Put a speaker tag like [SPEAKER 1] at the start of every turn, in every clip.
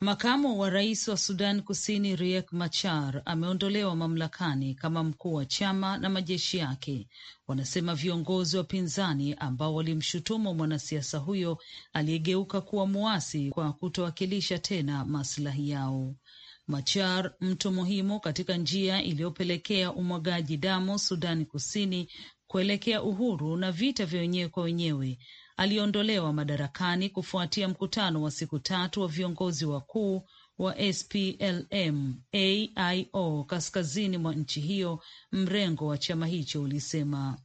[SPEAKER 1] Makamu wa rais wa Sudan Kusini Riek Machar ameondolewa mamlakani kama mkuu wa chama na majeshi yake, wanasema viongozi wa pinzani ambao walimshutumu mwanasiasa huyo aliyegeuka kuwa muasi kwa kutowakilisha tena maslahi yao. Machar, mtu muhimu katika njia iliyopelekea umwagaji damu Sudani Kusini kuelekea uhuru na vita vya wenyewe kwa wenyewe. Aliondolewa madarakani kufuatia mkutano wa siku tatu wa viongozi wakuu wa SPLM AIO kaskazini mwa nchi hiyo. Mrengo wa chama hicho ulisema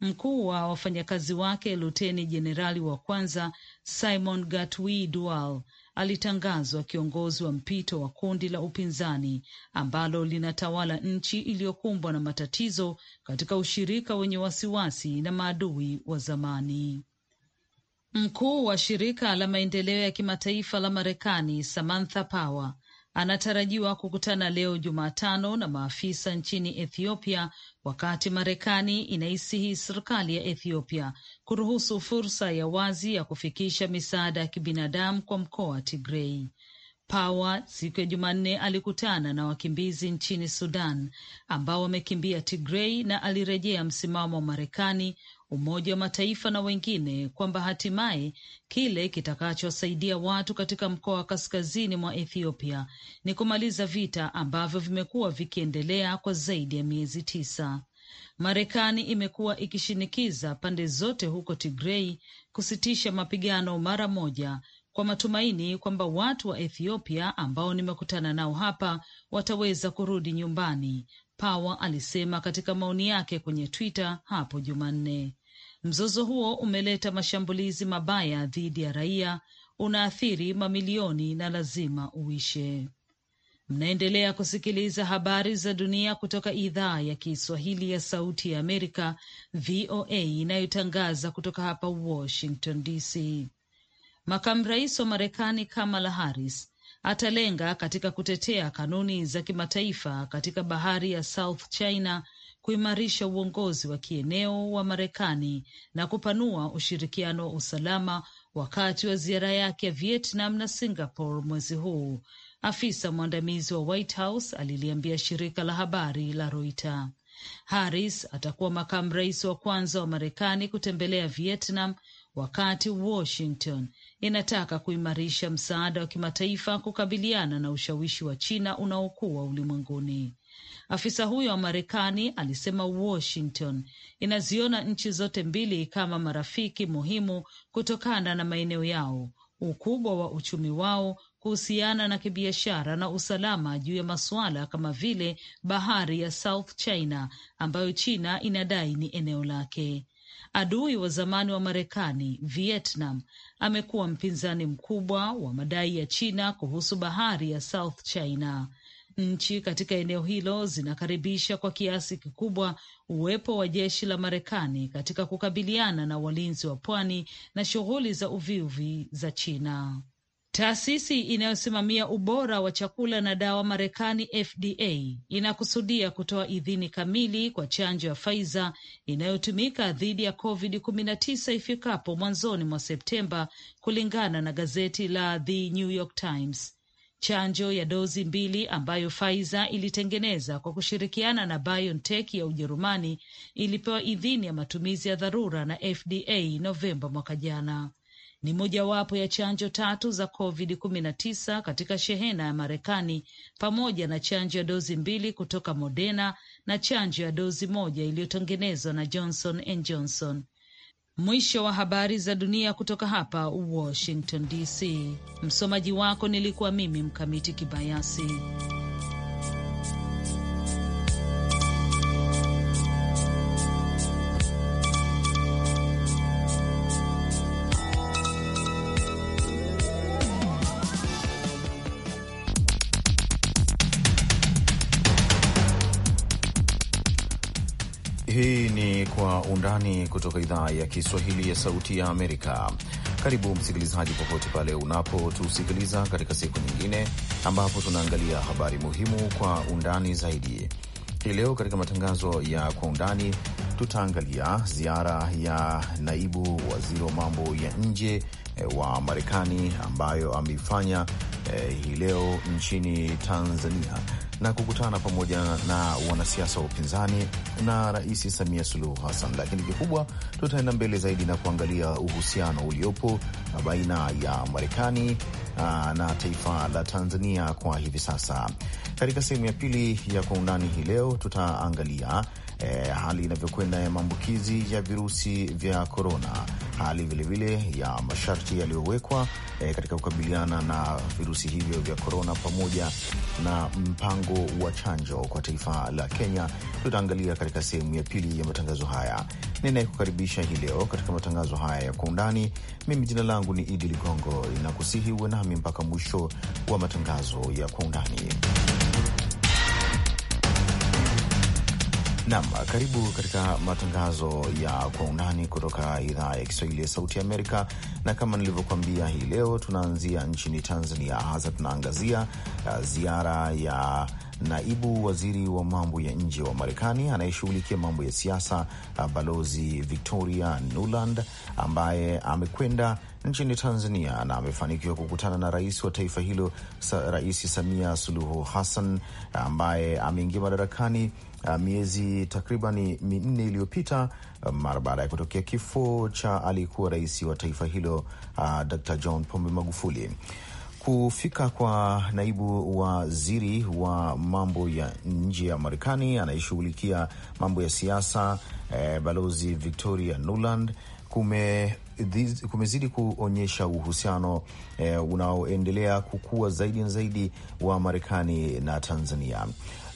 [SPEAKER 1] mkuu wa wafanyakazi wake Luteni Jenerali wa kwanza Simon Gatwi Dual alitangazwa kiongozi wa mpito wa kundi la upinzani ambalo linatawala nchi iliyokumbwa na matatizo katika ushirika wenye wasiwasi na maadui wa zamani. Mkuu wa shirika la maendeleo ya kimataifa la Marekani Samantha Power anatarajiwa kukutana leo Jumatano na maafisa nchini Ethiopia wakati Marekani inaisihi serikali ya Ethiopia kuruhusu fursa ya wazi ya kufikisha misaada ya kibinadamu kwa mkoa wa Tigrei. Pawa siku ya Jumanne alikutana na wakimbizi nchini Sudan ambao wamekimbia Tigrei na alirejea msimamo wa Marekani Umoja wa Mataifa na wengine kwamba hatimaye kile kitakachosaidia watu katika mkoa wa kaskazini mwa Ethiopia ni kumaliza vita ambavyo vimekuwa vikiendelea kwa zaidi ya miezi tisa. Marekani imekuwa ikishinikiza pande zote huko Tigrei kusitisha mapigano mara moja kwa matumaini kwamba watu wa Ethiopia ambao nimekutana nao hapa wataweza kurudi nyumbani, pawe alisema katika maoni yake kwenye Twitter hapo Jumanne. Mzozo huo umeleta mashambulizi mabaya dhidi ya raia, unaathiri mamilioni na lazima uishe. Mnaendelea kusikiliza habari za dunia kutoka idhaa ya Kiswahili ya Sauti ya Amerika, VOA, inayotangaza kutoka hapa Washington DC. Makamu rais wa Marekani Kamala Harris atalenga katika kutetea kanuni za kimataifa katika bahari ya South China kuimarisha uongozi wa kieneo wa Marekani na kupanua ushirikiano wa usalama wakati wa ziara yake ya Vietnam na Singapore mwezi huu, afisa mwandamizi wa White House aliliambia shirika la habari la Reuters. Harris atakuwa makamu rais wa kwanza wa Marekani kutembelea Vietnam wakati Washington inataka kuimarisha msaada wa kimataifa kukabiliana na ushawishi wa China unaokuwa ulimwenguni. Afisa huyo wa Marekani alisema Washington inaziona nchi zote mbili kama marafiki muhimu kutokana na maeneo yao, ukubwa wa uchumi wao, kuhusiana na kibiashara na usalama juu ya masuala kama vile bahari ya South China ambayo China inadai ni eneo lake. Adui wa zamani wa Marekani, Vietnam, amekuwa mpinzani mkubwa wa madai ya China kuhusu bahari ya South China. Nchi katika eneo hilo zinakaribisha kwa kiasi kikubwa uwepo wa jeshi la Marekani katika kukabiliana na walinzi wa pwani na shughuli za uvuvi za China. Taasisi inayosimamia ubora wa chakula na dawa Marekani, FDA, inakusudia kutoa idhini kamili kwa chanjo ya Pfizer inayotumika dhidi ya COVID-19 ifikapo mwanzoni mwa Septemba, kulingana na gazeti la The New York Times. Chanjo ya dozi mbili ambayo Pfizer ilitengeneza kwa kushirikiana na BioNTech ya Ujerumani ilipewa idhini ya matumizi ya dharura na FDA Novemba mwaka jana. Ni mojawapo ya chanjo tatu za COVID-19 katika shehena ya Marekani pamoja na chanjo ya dozi mbili kutoka Moderna na chanjo ya dozi moja iliyotengenezwa na Johnson and Johnson Mwisho wa habari za dunia kutoka hapa Washington DC. Msomaji wako nilikuwa mimi Mkamiti Kibayasi.
[SPEAKER 2] undani kutoka idhaa ya Kiswahili ya Sauti ya Amerika. Karibu msikilizaji, popote pale unapotusikiliza katika siku nyingine ambapo tunaangalia habari muhimu kwa undani zaidi. Hii leo katika matangazo ya kwa undani tutaangalia ziara ya naibu waziri wa mambo ya nje eh, wa Marekani ambayo ameifanya eh, hii leo nchini Tanzania na kukutana pamoja na wanasiasa wa upinzani na Rais Samia Suluhu Hassan. Lakini kikubwa, tutaenda mbele zaidi na kuangalia uhusiano uliopo baina ya Marekani ah, na taifa la Tanzania kwa hivi sasa. Katika sehemu ya pili ya Kwa Undani hii leo tutaangalia eh, hali inavyokwenda ya maambukizi ya virusi vya korona hali vilevile ya masharti yaliyowekwa e, katika kukabiliana na virusi hivyo vya korona, pamoja na mpango wa chanjo kwa taifa la Kenya. Tutaangalia katika sehemu ya pili ya matangazo haya. Ninayekukaribisha hii leo katika matangazo haya ya kwa undani, mimi jina langu ni Idi Ligongo, inakusihi uwe nami mpaka mwisho wa matangazo ya kwa undani. Nam, karibu katika matangazo ya kwa undani kutoka idhaa ya Kiswahili ya Sauti ya Amerika. Na kama nilivyokuambia, hii leo tunaanzia nchini Tanzania, hasa tunaangazia uh, ziara ya naibu waziri wa mambo ya nje wa Marekani anayeshughulikia mambo ya siasa, uh, balozi Victoria Nuland ambaye amekwenda nchini Tanzania na amefanikiwa kukutana na rais wa taifa hilo, Rais Samia Suluhu Hassan ambaye ameingia madarakani uh, miezi takriban minne iliyopita uh, mara baada ya kutokea kifo cha aliyekuwa rais wa taifa hilo uh, Dr. John Pombe Magufuli. Kufika kwa naibu waziri wa mambo ya nje ya Marekani anayeshughulikia mambo ya siasa eh, balozi Victoria Nuland kume kumezidi kuonyesha uhusiano eh, unaoendelea kukua zaidi na zaidi wa Marekani na Tanzania.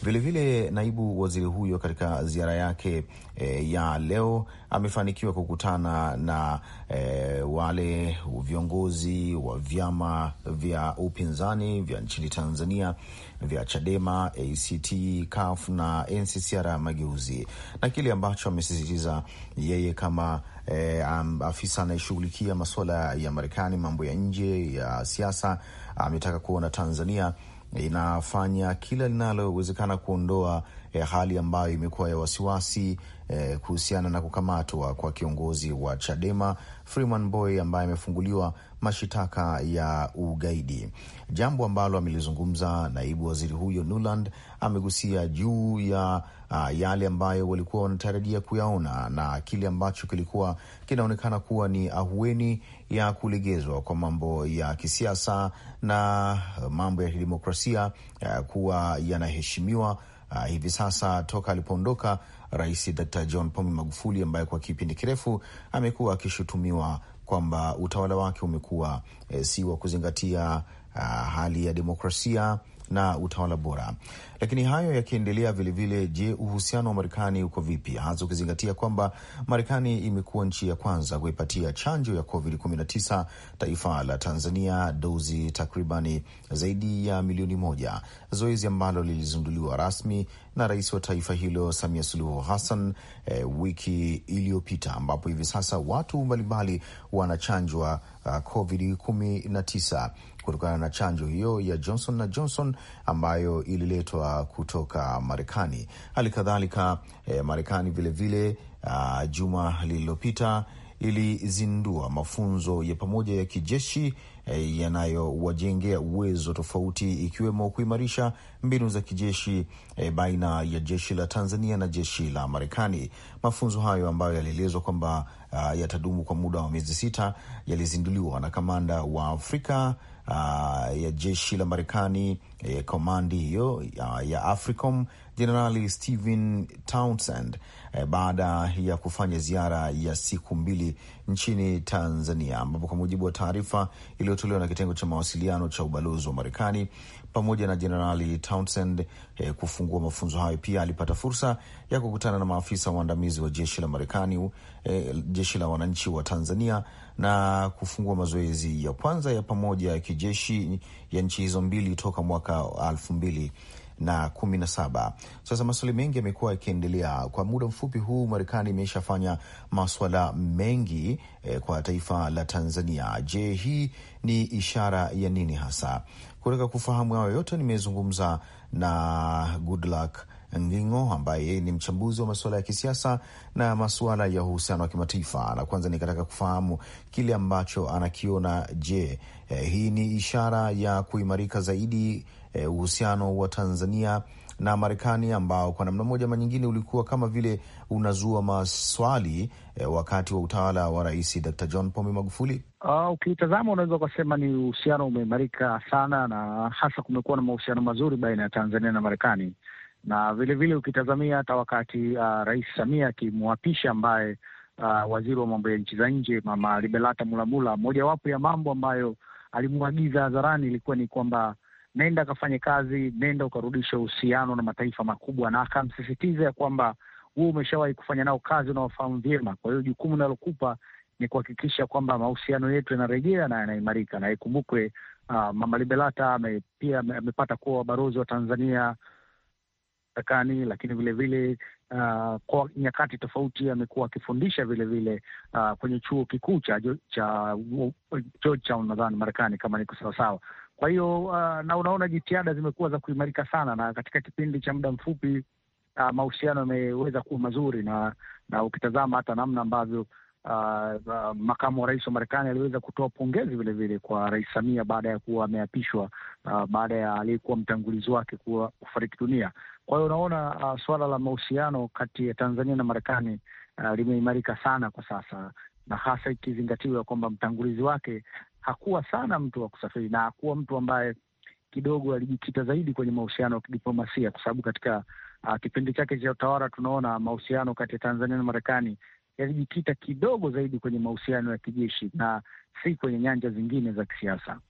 [SPEAKER 2] Vilevile naibu waziri huyo katika ziara yake e, ya leo amefanikiwa kukutana na e, wale viongozi wa vyama vya upinzani vya nchini Tanzania vya Chadema, ACT, CUF na NCCR Mageuzi, na kile ambacho amesisitiza yeye kama E, um, afisa anayeshughulikia masuala ya Marekani, mambo ya nje ya siasa, ametaka kuona Tanzania inafanya kila linalowezekana kuondoa eh, hali ambayo imekuwa ya wasiwasi eh, kuhusiana na kukamatwa kwa kiongozi wa Chadema Freeman Boy ambaye amefunguliwa mashitaka ya ugaidi, jambo ambalo amelizungumza naibu waziri huyo Nuland. Amegusia juu ya uh, yale ambayo walikuwa wanatarajia kuyaona na kile ambacho kilikuwa kinaonekana kuwa ni ahueni ya kulegezwa kwa mambo ya kisiasa na mambo ya kidemokrasia uh, kuwa yanaheshimiwa Uh, hivi sasa toka alipoondoka Rais Dkt. John Pombe Magufuli ambaye kwa kipindi kirefu amekuwa akishutumiwa kwamba utawala wake umekuwa e, si wa kuzingatia uh, hali ya demokrasia na utawala bora. Lakini hayo yakiendelea, vilevile, je, uhusiano wa Marekani uko vipi, hasa ukizingatia kwamba Marekani imekuwa nchi ya kwanza kuipatia chanjo ya COVID-19 taifa la Tanzania dozi takribani zaidi ya milioni moja, zoezi ambalo lilizinduliwa rasmi na rais wa taifa hilo Samia Suluhu Hassan e, wiki iliyopita, ambapo hivi sasa watu mbalimbali wanachanjwa uh, COVID-19 kutokana na chanjo hiyo ya Johnson na Johnson ambayo ililetwa kutoka Marekani. Hali kadhalika eh, Marekani vilevile uh, ah, juma lililopita ilizindua mafunzo ya pamoja ya kijeshi eh, yanayowajengea uwezo tofauti ikiwemo kuimarisha mbinu za kijeshi eh, baina ya jeshi la Tanzania na jeshi la Marekani. Mafunzo hayo ambayo yalielezwa kwamba uh, yatadumu kwa muda wa miezi sita, yalizinduliwa na kamanda wa Afrika uh, ya jeshi la Marekani eh, komandi hiyo uh, ya AFRICOM Jenerali Stephen Townsend eh, baada ya kufanya ziara ya siku mbili nchini Tanzania, ambapo kwa mujibu wa taarifa iliyotolewa na kitengo cha mawasiliano cha ubalozi wa Marekani, pamoja na Jenerali Townsend eh, kufungua mafunzo hayo. Pia alipata fursa ya kukutana na maafisa waandamizi wa jeshi la Marekani, eh, jeshi la wananchi wa Tanzania na kufungua mazoezi ya kwanza ya pamoja ya kijeshi ya nchi hizo mbili toka mwaka elfu mbili na kumi na saba. Sasa maswali mengi yamekuwa yakiendelea kwa muda mfupi huu. Marekani imeshafanya maswala mengi eh, kwa taifa la Tanzania. Je, hii ni ishara ya nini hasa? kutaka kufahamu hayo yote, nimezungumza na Goodluck Ngingo ambaye yeye ni mchambuzi wa masuala ya kisiasa na masuala ya uhusiano wa kimataifa, na kwanza nikataka kufahamu kile ambacho anakiona. Je, eh, hii ni ishara ya kuimarika zaidi eh, uhusiano wa Tanzania na Marekani ambao kwa namna moja ama nyingine ulikuwa kama vile unazua maswali eh, wakati wa utawala wa Rais Dr. John Pombe Magufuli.
[SPEAKER 3] Ah, Ukiitazama uh, okay, unaweza ukasema ni uhusiano umeimarika sana, na hasa kumekuwa na mahusiano mazuri baina ya Tanzania na Marekani, na vilevile ukitazamia hata wakati uh, Rais Samia akimwapisha ambaye Uh, waziri wa mambo ya nchi za nje Mama Liberata Mulamula, mojawapo ya mambo ambayo alimwagiza hadharani ilikuwa ni kwamba nenda akafanye kazi, nenda ukarudisha uhusiano na mataifa makubwa, na akamsisitiza ya kwamba huu umeshawahi kufanya nao kazi, unawafahamu vyema. Kwa hiyo jukumu nalokupa ni kuhakikisha kwamba mahusiano yetu yanarejea na yanaimarika, na ikumbukwe uh, Mama Libelata ame, pia amepata kuwa wabarozi wa Tanzania Marekani, lakini vilevile vile, uh, kwa nyakati tofauti amekuwa akifundisha vilevile uh, ah, kwenye chuo kikuu cha Georgetown nadhani Marekani kama niko sawasawa. Kwa hiyo uh, na unaona jitihada zimekuwa za kuimarika sana, na katika kipindi cha muda mfupi uh, mahusiano yameweza kuwa mazuri, na na ukitazama hata namna ambavyo Uh, uh, makamu wa rais wa Marekani aliweza kutoa pongezi vilevile kwa Rais Samia baada ya kuwa ameapishwa uh, baada ya aliyekuwa mtangulizi wake kuwa kufariki dunia. Kwa hiyo unaona uh, suala la mahusiano kati ya Tanzania na Marekani uh, limeimarika sana kwa sasa, na hasa ikizingatiwa kwamba mtangulizi wake hakuwa sana mtu wa kusafiri na hakuwa mtu ambaye kidogo alijikita zaidi kwenye mahusiano ya kidiplomasia, kwa sababu katika uh, kipindi chake cha utawala tunaona mahusiano kati ya Tanzania na Marekani yalijikita kidogo zaidi kwenye mahusiano ya kijeshi na si kwenye nyanja zingine za kisiasa.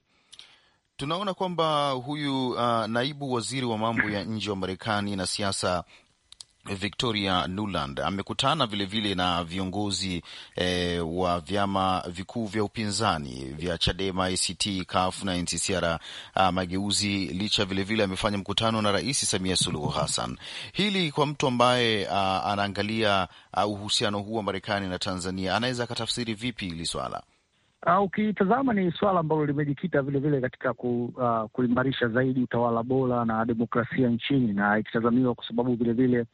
[SPEAKER 2] Tunaona kwamba huyu uh, naibu waziri wa mambo ya nje wa Marekani na siasa Victoria Nuland amekutana vilevile na viongozi e, wa vyama vikuu vya upinzani vya Chadema, ACT, CUF na NCCR ah, Mageuzi. Licha vilevile amefanya mkutano na Rais Samia Suluhu Hassan. Hili kwa mtu ambaye ah, anaangalia ah, uhusiano huu wa Marekani na Tanzania anaweza akatafsiri vipi hili swala?
[SPEAKER 3] Ukitazama ni swala ambalo limejikita vilevile katika ku, uh, kuimarisha zaidi utawala bora na demokrasia nchini, na ikitazamiwa kwa sababu vilevile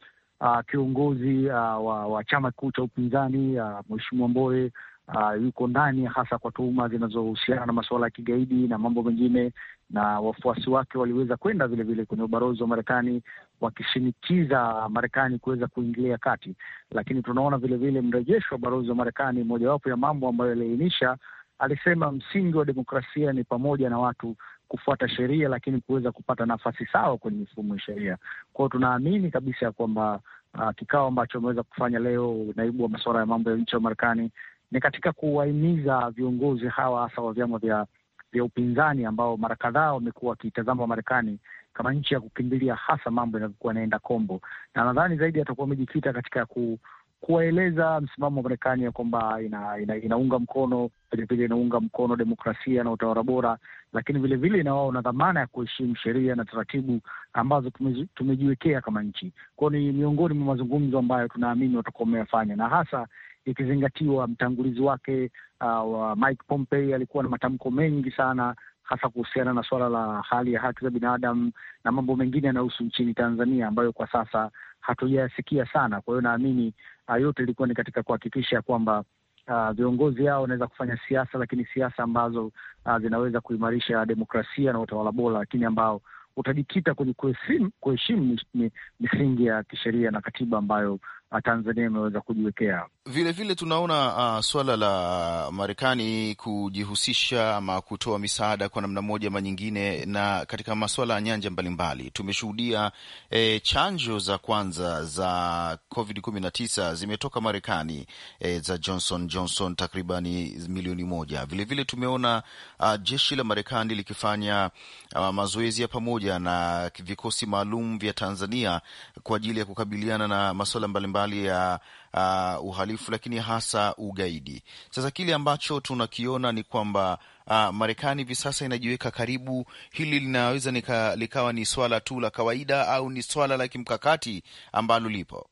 [SPEAKER 3] uh, kiongozi uh, wa, wa chama kikuu cha upinzani uh, Mheshimiwa Mbowe uh, yuko ndani hasa kwa tuhuma zinazohusiana na masuala ya kigaidi na mambo mengine, na wafuasi wake waliweza kwenda vilevile kwenye ubalozi wa Marekani wakishinikiza Marekani kuweza kuingilia kati, lakini tunaona vilevile mrejesho wa balozi wa Marekani, mojawapo ya mambo ambayo yaliainisha alisema msingi wa demokrasia ni pamoja na watu kufuata sheria, lakini kuweza kupata nafasi sawa kwenye mifumo ya sheria. Kwao tunaamini kabisa ya kwamba uh, kikao ambacho ameweza kufanya leo naibu wa masuala ya mambo ya nchi wa Marekani ni katika kuwahimiza viongozi hawa hasa wa vyama vya vya upinzani ambao mara kadhaa wamekuwa wakitazama Marekani kama nchi ya kukimbilia, hasa mambo yanavyokuwa yanaenda kombo, na nadhani zaidi atakuwa amejikita katika ku, kuwaeleza msimamo wa Marekani ya kwamba ina, ina, inaunga mkono vilevile inaunga mkono demokrasia na utawala bora, lakini vilevile na wao na dhamana ya kuheshimu sheria na taratibu ambazo tumejiwekea kama nchi. Kwao ni miongoni mwa mazungumzo ambayo tunaamini watakuwa wameyafanya, na hasa ikizingatiwa mtangulizi wake uh, wa Mike Pompeo alikuwa na matamko mengi sana hasa kuhusiana na suala la hali ya haki za binadamu na mambo mengine yanayohusu nchini Tanzania ambayo kwa sasa hatujayasikia sana. Kwa hiyo naamini ah, yote ilikuwa ni katika kuhakikisha kwamba Ah, viongozi uh, hao wanaweza kufanya siasa, lakini siasa ambazo uh, zinaweza kuimarisha demokrasia na utawala bora, lakini ambao utajikita kwenye kuheshimu misingi ya kisheria na katiba ambayo Tanzania imeweza kujiwekea
[SPEAKER 2] Vile Vile tunaona uh, ah, suala la Marekani kujihusisha ama kutoa misaada kwa namna moja ama nyingine, na katika masuala ya nyanja mbalimbali tumeshuhudia eh, chanjo za kwanza za Covid 19 zimetoka Marekani eh, za Johnson Johnson takribani milioni moja. Vilevile vile tumeona uh, jeshi la Marekani likifanya uh, mazoezi ya pamoja na vikosi maalum vya Tanzania kwa ajili ya kukabiliana na masuala mbalimbali mbalimbali ya uh, uhalifu lakini hasa ugaidi. Sasa kile ambacho tunakiona ni kwamba uh, Marekani hivi sasa inajiweka karibu, hili linaweza nika, likawa ni swala tu la kawaida au ni swala la kimkakati ambalo lipo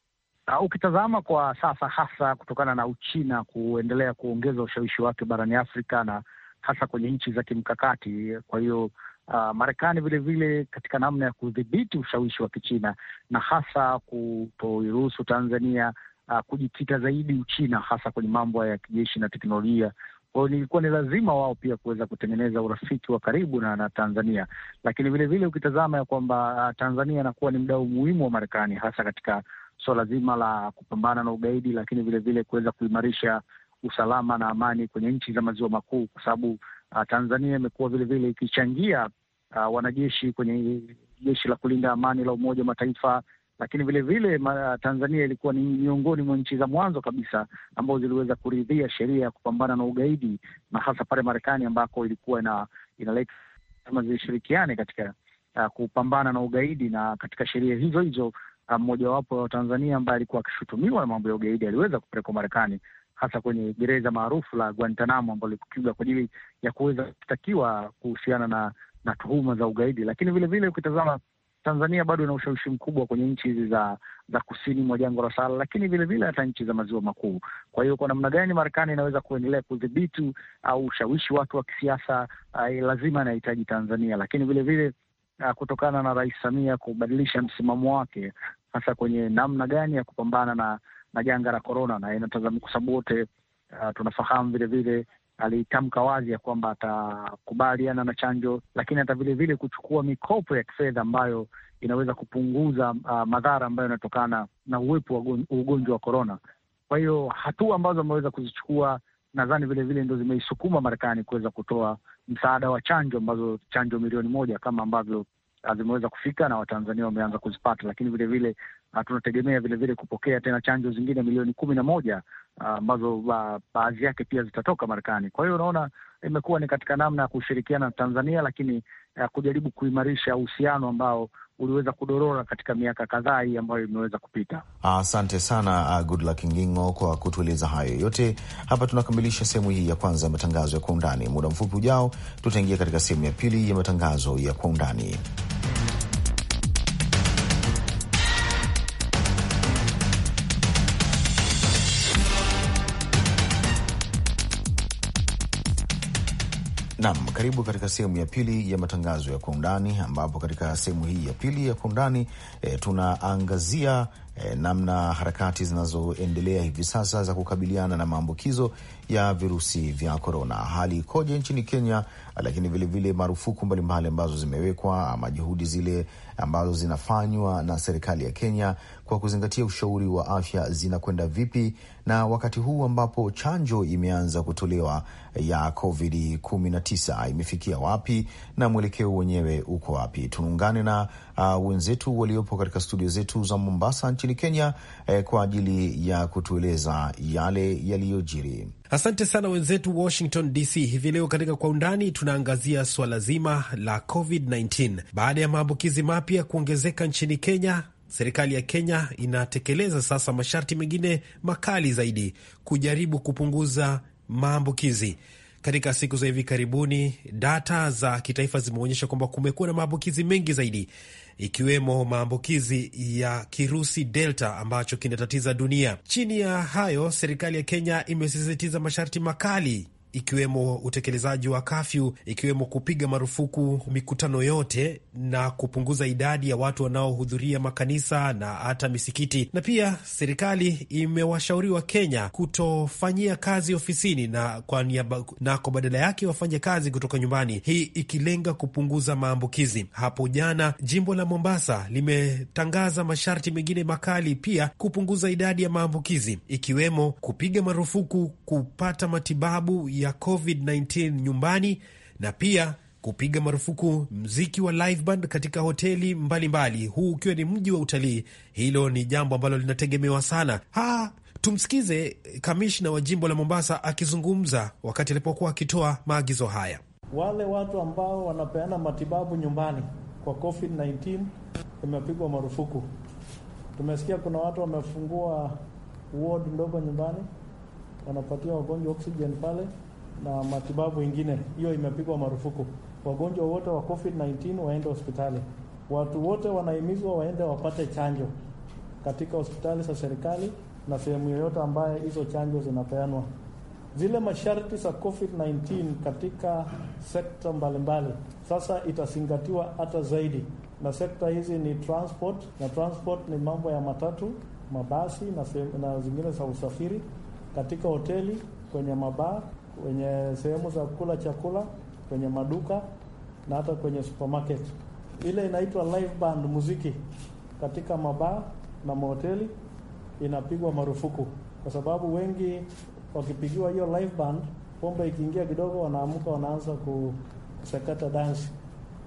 [SPEAKER 3] Uh, ukitazama kwa sasa hasa kutokana na Uchina kuendelea kuongeza ushawishi wake barani Afrika na hasa kwenye nchi za kimkakati. Kwa hiyo uh, Marekani vilevile katika namna ya kudhibiti ushawishi wa Kichina na hasa kutoiruhusu Tanzania uh, kujikita zaidi Uchina hasa kwenye mambo ya kijeshi na teknolojia. Kwa hiyo ilikuwa ni lazima wao pia kuweza kutengeneza urafiki wa karibu na, na Tanzania, lakini vilevile ukitazama ya kwamba ah, Tanzania inakuwa ni mdau muhimu wa Marekani hasa katika suala so zima la kupambana na ugaidi, lakini vilevile kuweza kuimarisha usalama na amani kwenye nchi za maziwa makuu, kwa sababu uh, Tanzania imekuwa vilevile ikichangia uh, wanajeshi kwenye jeshi la kulinda amani la Umoja wa Mataifa, lakini vile vile, ma, Tanzania ilikuwa ni miongoni mwa nchi za mwanzo kabisa ambazo ziliweza kuridhia sheria ya kupambana na ugaidi, na hasa pale Marekani ambako ilikuwa ina inaleta kama zishirikiane katika uh, kupambana na ugaidi, na katika sheria hizo hizo ah, mmojawapo um, wa Tanzania ambaye alikuwa akishutumiwa na mambo ya ugaidi aliweza kupelekwa Marekani, hasa kwenye gereza maarufu la Guantanamo ambalo likupigwa kwa ajili ya kuweza kushtakiwa kuhusiana na na tuhuma za ugaidi, lakini vilevile ukitazama Tanzania bado ina ushawishi mkubwa kwenye nchi hizi za za kusini mwa jangwa la Sahara, lakini vilevile hata nchi za maziwa makuu. Kwa hiyo kwa namna gani Marekani inaweza kuendelea kudhibiti au ushawishi wake wa kisiasa, uh, lazima anahitaji Tanzania, lakini vilevile eh, kutokana na Rais Samia kubadilisha msimamo wake hasa kwenye namna gani ya kupambana na na janga la korona, na inatazama kwa sababu wote uh, tunafahamu vilevile alitamka wazi ya kwamba atakubaliana na chanjo, lakini hata vilevile kuchukua mikopo ya kifedha ambayo inaweza kupunguza uh, madhara ambayo yanatokana na uwepo wa ugonjwa wa korona. Kwa hiyo hatua ambazo ameweza kuzichukua nadhani vilevile ndo zimeisukuma Marekani kuweza kutoa msaada wa chanjo ambazo chanjo milioni moja kama ambavyo uh, zimeweza kufika na Watanzania wameanza kuzipata, lakini vilevile uh, tunategemea vilevile kupokea tena chanjo zingine milioni kumi na moja ambazo uh, baadhi yake pia zitatoka Marekani. Kwa hiyo unaona imekuwa ni katika namna ya kushirikiana na Tanzania, lakini uh, kujaribu kuimarisha uhusiano ambao uliweza kudorora katika miaka kadhaa hii ambayo imeweza kupita.
[SPEAKER 2] Asante ah, sana uh, Goodluck Ngingo kwa kutueleza hayo yote. Hapa tunakamilisha sehemu hii ya kwanza ya matangazo ya kwa undani. Muda mfupi ujao, tutaingia katika sehemu ya pili ya matangazo ya kwa undani. Nam, karibu katika sehemu ya pili ya matangazo ya kwa undani, ambapo katika sehemu hii ya pili ya kwa undani e, tunaangazia e, namna harakati zinazoendelea hivi sasa za kukabiliana na maambukizo ya virusi vya korona. Hali ikoje nchini Kenya, lakini vilevile marufuku mbalimbali ambazo zimewekwa ama juhudi zile ambazo zinafanywa na serikali ya Kenya kwa kuzingatia ushauri wa afya zinakwenda vipi, na wakati huu ambapo chanjo imeanza kutolewa ya COVID-19 imefikia wapi na mwelekeo wenyewe uko wapi? Tuungane na uh, wenzetu waliopo katika studio zetu za Mombasa nchini Kenya eh, kwa ajili ya kutueleza yale yaliyojiri.
[SPEAKER 4] Asante sana wenzetu Washington DC. Hivi leo katika Kwa Undani tunaangazia swala zima la COVID-19 baada ya maambukizi mapya kuongezeka nchini Kenya serikali ya Kenya inatekeleza sasa masharti mengine makali zaidi kujaribu kupunguza maambukizi. Katika siku za hivi karibuni, data za kitaifa zimeonyesha kwamba kumekuwa na maambukizi mengi zaidi, ikiwemo maambukizi ya kirusi Delta ambacho kinatatiza dunia. Chini ya hayo, serikali ya Kenya imesisitiza masharti makali ikiwemo utekelezaji wa kafyu, ikiwemo kupiga marufuku mikutano yote na kupunguza idadi ya watu wanaohudhuria makanisa na hata misikiti. Na pia serikali imewashauri kenya kutofanyia kazi ofisini na kwa niaba, na kwa badala yake wafanye kazi kutoka nyumbani, hii ikilenga kupunguza maambukizi. Hapo jana jimbo la Mombasa limetangaza masharti mengine makali pia kupunguza idadi ya maambukizi, ikiwemo kupiga marufuku kupata matibabu ya COVID-19 nyumbani na pia kupiga marufuku mziki wa live band katika hoteli mbalimbali mbali. Huu ukiwa ni mji wa utalii, hilo ni jambo ambalo linategemewa sana ha. Tumsikize kamishna wa jimbo la Mombasa akizungumza wakati alipokuwa akitoa maagizo haya.
[SPEAKER 5] Wale watu ambao wanapeana matibabu nyumbani kwa COVID-19 imepigwa marufuku. Tumesikia kuna watu wamefungua ward ndogo nyumbani, wanapatia wagonjwa oxygen pale na matibabu ingine, hiyo imepigwa marufuku. Wagonjwa wote wa COVID-19 waende hospitali. Watu wote wanahimizwa waende wapate chanjo katika hospitali za serikali na sehemu yoyote ambaye hizo chanjo zinapeanwa. Zile masharti za COVID-19 katika sekta mbalimbali sasa itazingatiwa hata zaidi, na sekta hizi ni transport, na transport ni mambo ya matatu, mabasi na, na zingine za usafiri, katika hoteli, kwenye mabaa kwenye sehemu za kula chakula, kwenye maduka na hata kwenye supermarket. Ile inaitwa live band, muziki katika mabaa na mahoteli inapigwa marufuku, kwa sababu wengi wakipigiwa hiyo live band, pombe ikiingia kidogo, wanaamka wanaanza kusakata dansi,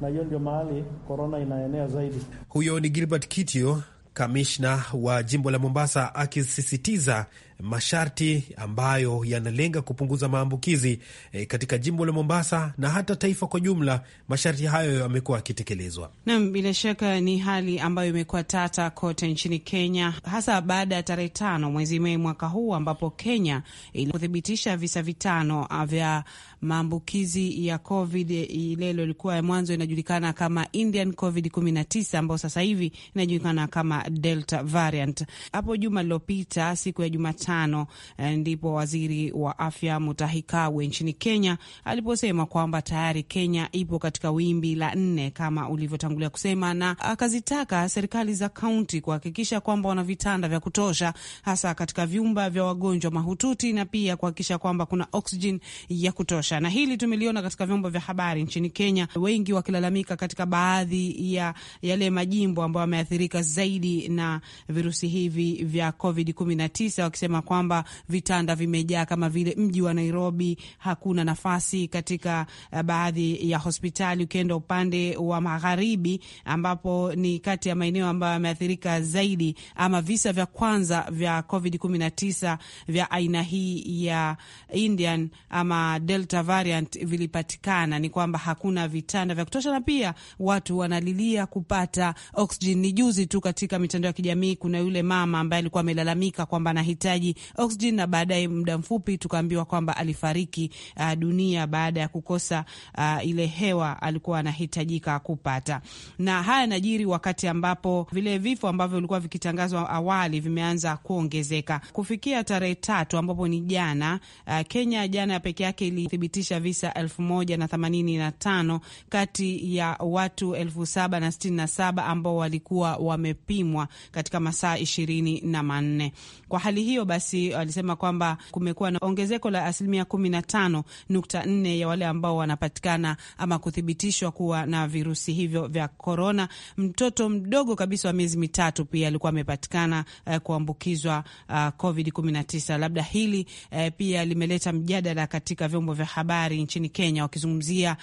[SPEAKER 5] na hiyo ndio mahali korona inaenea zaidi.
[SPEAKER 4] Huyo ni Gilbert Kitio, kamishna wa jimbo la Mombasa, akisisitiza masharti ambayo yanalenga kupunguza maambukizi e, katika jimbo la Mombasa na hata taifa kwa jumla. Masharti hayo yamekuwa yakitekelezwa.
[SPEAKER 6] nam, bila shaka ni hali ambayo imekuwa tata kote nchini Kenya, hasa baada ya tarehe tano mwezi Mei mwaka huu ambapo Kenya ilikuthibitisha visa vitano vya maambukizi ya COVID. Ilelo ilikuwa mwanzo inajulikana kama Indian COVID 19 ambayo sasa hivi inajulikana kama Delta variant. Hapo juma lilopita siku ya Jumatano Jumatano eh, ndipo waziri wa afya Mutahi Kagwe nchini Kenya aliposema kwamba tayari Kenya ipo katika wimbi la nne kama ulivyotangulia kusema, na akazitaka serikali za kaunti kuhakikisha kwamba wana vitanda vya kutosha, hasa katika vyumba vya wagonjwa mahututi na pia kuhakikisha kwamba kuna oksijeni ya kutosha. Na hili tumeliona katika vyombo vya habari nchini Kenya, wengi wakilalamika katika baadhi ya yale majimbo ambayo yameathirika zaidi na virusi hivi vya COVID-19 wakisema wakisema kwamba vitanda vimejaa kama vile mji wa Nairobi, hakuna nafasi katika eh, baadhi ya hospitali. Ukienda upande wa magharibi, ambapo ni kati ya maeneo ambayo yameathirika zaidi, ama visa vya kwanza vya COVID 19 vya aina hii ya Indian ama Delta variant vilipatikana, ni kwamba hakuna vitanda vya kutosha, na pia watu wanalilia kupata oxygen. Ni juzi tu katika mitandao ya kijamii kuna yule mama ambaye alikuwa amelalamika kwamba anahitaji upatikanaji oksijeni, na baadaye muda mfupi tukaambiwa kwamba alifariki uh, dunia baada ya kukosa uh, ile hewa alikuwa anahitajika kupata. Na haya najiri wakati ambapo vile vifo ambavyo vilikuwa vikitangazwa awali vimeanza kuongezeka kufikia tarehe tatu ambapo ni jana. Uh, Kenya jana peke yake ilithibitisha visa elfu moja na themanini na tano kati ya watu elfu saba na sitini na saba ambao walikuwa wamepimwa katika masaa ishirini na manne. Kwa hali hiyo basi alisema kwamba kumekuwa na ongezeko la asilimia kumi na tano nukta nne ya wale ambao wanapatikana ama kuthibitishwa kuwa na virusi hivyo vya korona. Mtoto mdogo kabisa wa miezi mitatu pia alikuwa amepatikana eh, kuambukizwa uh, covid 19. Labda hili eh, pia limeleta mjadala katika vyombo vya habari nchini Kenya wakizungumzia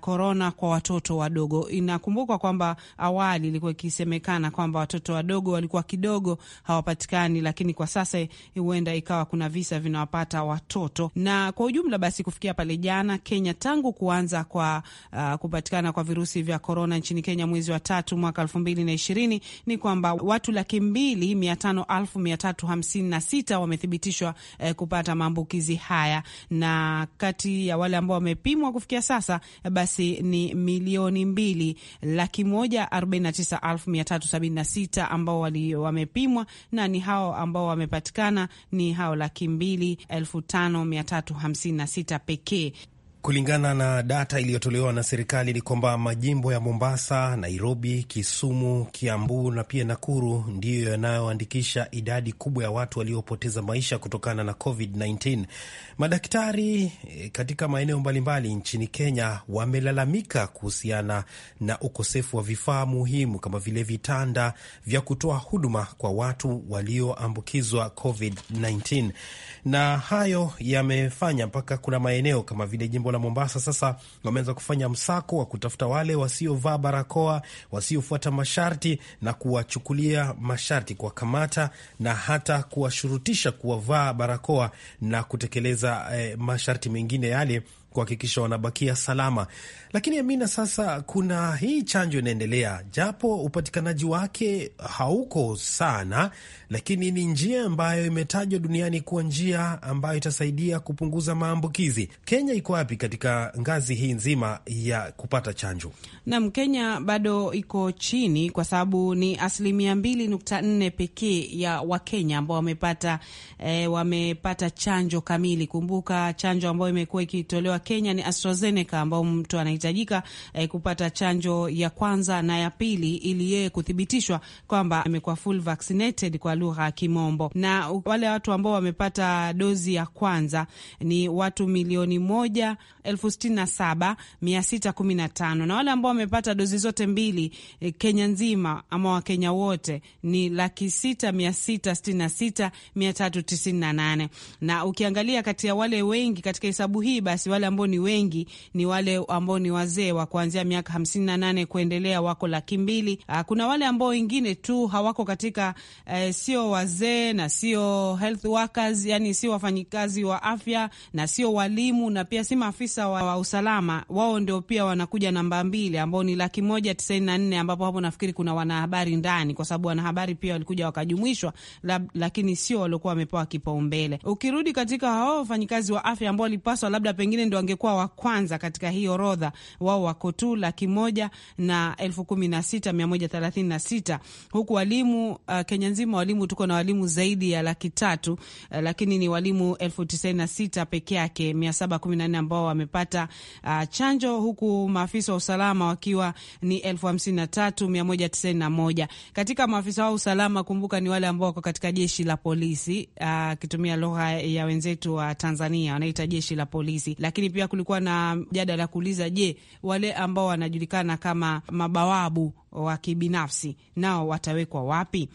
[SPEAKER 6] korona eh, kwa watoto wadogo. Inakumbukwa kwamba awali ilikuwa ikisemekana kwamba watoto wadogo walikuwa kidogo hawapatikani, lakini kwa sasa huenda ikawa kuna visa vinawapata watoto. Na kwa ujumla basi, kufikia pale jana Kenya, tangu kuanza kwa uh, kupatikana kwa virusi vya korona nchini Kenya mwezi wa tatu mwaka elfu mbili na ishirini ni kwamba watu laki mbili mia tano elfu mia tatu hamsini na sita wamethibitishwa eh, kupata maambukizi haya, na kati ya wale ambao wamepimwa kufikia sasa eh, basi ni milioni mbili laki moja arobaini na tisa elfu mia tatu sabini na sita ambao wali, wamepimwa na ni hao ambao wamepatikana ni hao laki mbili elfu tano mia tatu hamsini na sita pekee.
[SPEAKER 4] Kulingana na data iliyotolewa na serikali ni kwamba majimbo ya Mombasa, Nairobi, Kisumu, Kiambu na pia Nakuru ndiyo yanayoandikisha idadi kubwa ya watu waliopoteza maisha kutokana na COVID-19. Madaktari eh, katika maeneo mbalimbali nchini Kenya wamelalamika kuhusiana na ukosefu wa vifaa muhimu kama vile vitanda vya kutoa huduma kwa watu walioambukizwa COVID-19, na hayo yamefanya mpaka kuna maeneo kama vile jimbo la Mombasa sasa wameanza kufanya msako wa kutafuta wale wasiovaa barakoa, wasiofuata masharti na kuwachukulia masharti, kuwakamata na hata kuwashurutisha kuwavaa barakoa na kutekeleza eh, masharti mengine yale kuhakikisha wanabakia salama. Lakini Amina, sasa kuna hii chanjo inaendelea, japo upatikanaji wake hauko sana, lakini ni njia ambayo imetajwa duniani kuwa njia ambayo itasaidia kupunguza maambukizi. Kenya iko wapi katika ngazi hii nzima ya kupata chanjo?
[SPEAKER 6] Naam, Kenya bado iko chini kwa sababu ni asilimia mbili nukta nne pekee ya Wakenya ambao wamepata eh, wamepata chanjo kamili. Kumbuka chanjo ambayo imekuwa ikitolewa Kenya ni AstraZeneca ambao mtu anahitajika eh, kupata chanjo ya kwanza na ya pili ili yeye kuthibitishwa kwamba amekuwa full vaccinated kwa lugha ya Kimombo. Na wale watu ambao wamepata dozi ya kwanza ni watu milioni moja elfu sitini na saba mia sita kumi na tano na wale ambao wamepata dozi zote mbili eh, Kenya nzima ama Wakenya wote ni laki sita mia sita sitini na sita mia tatu tisini na nane na ukiangalia kati ya wale wengi katika hesabu hii basi wale ambao ni wengi ni wale ambao ni wazee wa kuanzia miaka hamsini na nane kuendelea, wako laki mbili. Ah, kuna wale ambao wengine tu hawako katika eh, sio wazee na sio health workers, yani sio wafanyikazi wa afya na sio walimu na pia si maafisa wa, wa usalama. Wao ndio pia wanakuja namba mbili ambao ni laki moja tisini na nne ambapo hapo nafikiri kuna wanahabari ndani, kwa sababu wanahabari pia walikuja wakajumuishwa lab, lakini sio waliokuwa wamepewa kipaumbele. Ukirudi katika hao wafanyikazi wa afya ambao walipaswa labda pengine ndio wangekuwa wa kwanza katika hii orodha, wao wako tu laki moja na elfu kumi na sita mia moja thelathini na sita huku walimu uh, Kenya nzima walimu tuko na walimu zaidi ya laki tatu uh, lakini ni walimu elfu tisaini na sita peke yake mia saba kumi na nne ambao wamepata uh, chanjo huku maafisa wa usalama wakiwa ni elfu hamsini na tatu mia moja tisaini na moja Katika maafisa wa usalama, kumbuka ni wale ambao wako katika jeshi la polisi, akitumia uh, lugha ya wenzetu wa Tanzania wanaita jeshi la polisi, lakini pia kulikuwa na mjadala kuuliza, je, wale ambao wanajulikana kama mabawabu wa kibinafsi nao watawekwa wapi?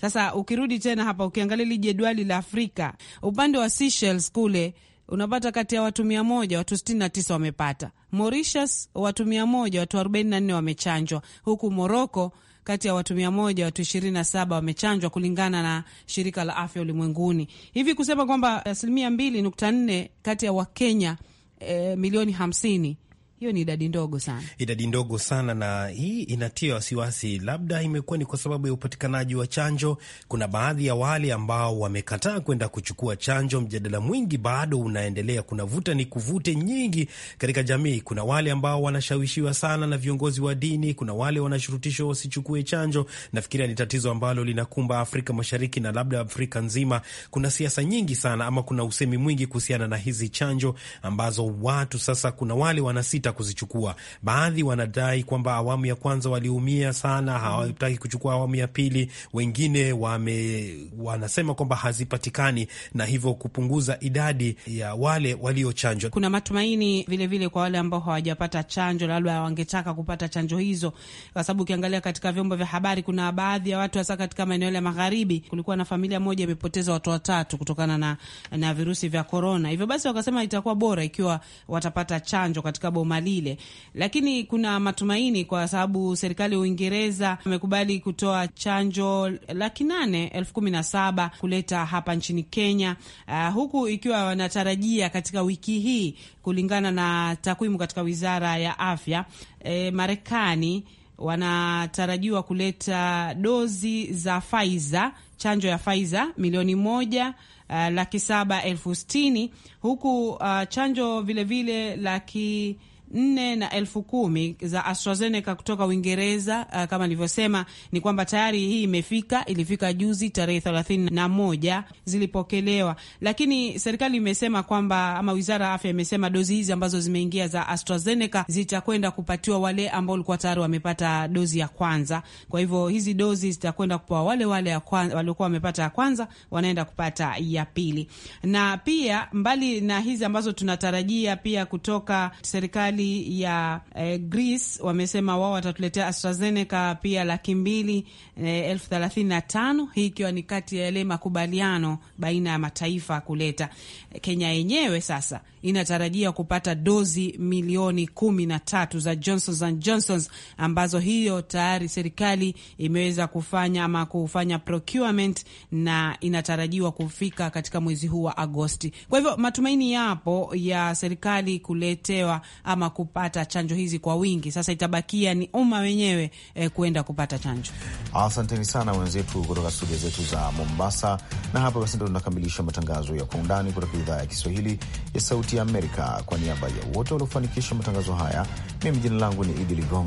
[SPEAKER 6] Sasa ukirudi tena hapa ukiangalia hili jedwali la Afrika upande wa Seychelles kule unapata kati ya watu mia moja watu sitini na tisa wamepata. Mauritius watu mia moja watu arobaini na nne wamechanjwa, huku Moroko kati ya watu mia moja watu ishirini na saba wamechanjwa kulingana na shirika la afya ulimwenguni. Hivi kusema kwamba asilimia mbili nukta nne kati ya Wakenya eh, milioni hamsini hiyo ni idadi ndogo sana,
[SPEAKER 4] idadi ndogo sana, na hii inatia wasiwasi. Labda imekuwa ni kwa sababu ya upatikanaji wa chanjo. Kuna baadhi ya wale ambao wamekataa kwenda kuchukua chanjo. Mjadala mwingi bado unaendelea, kuna vuta ni kuvute nyingi katika jamii. Kuna wale ambao wanashawishiwa sana na viongozi wa dini, kuna wale wanashurutishwa wasichukue chanjo. Nafikiria ni tatizo ambalo linakumba Afrika Mashariki na labda Afrika nzima. Kuna siasa nyingi sana ama kuna usemi mwingi kuhusiana na hizi chanjo ambazo watu sasa, kuna wale wanasita kuzichukua. Baadhi wanadai kwamba awamu ya kwanza waliumia sana, hawataki kuchukua awamu ya pili. Wengine wame, wanasema kwamba hazipatikani na hivyo kupunguza idadi ya wale waliochanjwa.
[SPEAKER 6] Kuna matumaini vilevile vile kwa wale ambao hawajapata chanjo, labda wangetaka kupata chanjo hizo, kwa sababu ukiangalia katika vyombo vya habari kuna baadhi ya watu hasa katika maeneo ya magharibi, kulikuwa na familia moja imepoteza watu watatu kutokana na, na virusi vya korona. Hivyo basi wakasema itakuwa bora ikiwa watapata chanjo katika boma lile, lakini kuna matumaini kwa sababu serikali ya Uingereza amekubali kutoa chanjo laki nane elfu kumi na saba kuleta hapa nchini Kenya, uh, huku ikiwa wanatarajia katika wiki hii kulingana na takwimu katika wizara ya afya e, Marekani wanatarajiwa kuleta dozi za Pfizer, chanjo ya Pfizer milioni moja uh, laki saba elfu sitini huku uh, chanjo vilevile vile laki nne na elfu kumi za AstraZeneca kutoka Uingereza. Uh, kama nilivyosema ni kwamba tayari hii imefika, ilifika juzi tarehe thelathini na moja zilipokelewa, lakini serikali imesema kwamba ama wizara ya afya imesema dozi hizi ambazo zimeingia za AstraZeneca zitakwenda kupatiwa wale ambao walikuwa tayari wamepata dozi ya kwanza. Kwa hivyo hizi dozi zitakwenda kupewa wale wale waliokuwa wamepata ya kwanza, wanaenda kupata ya pili. Na pia mbali na hizi ambazo tunatarajia pia kutoka serikali serikali ya eh, Greece wamesema wao watatuletea AstraZeneca pia laki mbili eh, elfu thelathini na tano hii ikiwa ni kati ya yale makubaliano baina ya mataifa kuleta. Kenya yenyewe sasa inatarajia kupata dozi milioni kumi na tatu za Johnson and Johnson ambazo hiyo tayari serikali imeweza kufanya ama kufanya procurement na inatarajiwa kufika katika mwezi huu wa Agosti. Kwa hivyo matumaini yapo ya serikali kuletewa ama kupata chanjo hizi kwa wingi. Sasa itabakia ni umma wenyewe eh, kuenda kupata chanjo.
[SPEAKER 2] Asanteni sana wenzetu kutoka studio zetu za Mombasa, na hapa basi ndo tunakamilisha matangazo ya kwa undani kutoka idhaa ya Kiswahili ya Sauti Sauti ya Amerika. Kwa niaba ya wote waliofanikisha matangazo haya, mimi jina langu ni Idi Ligongo.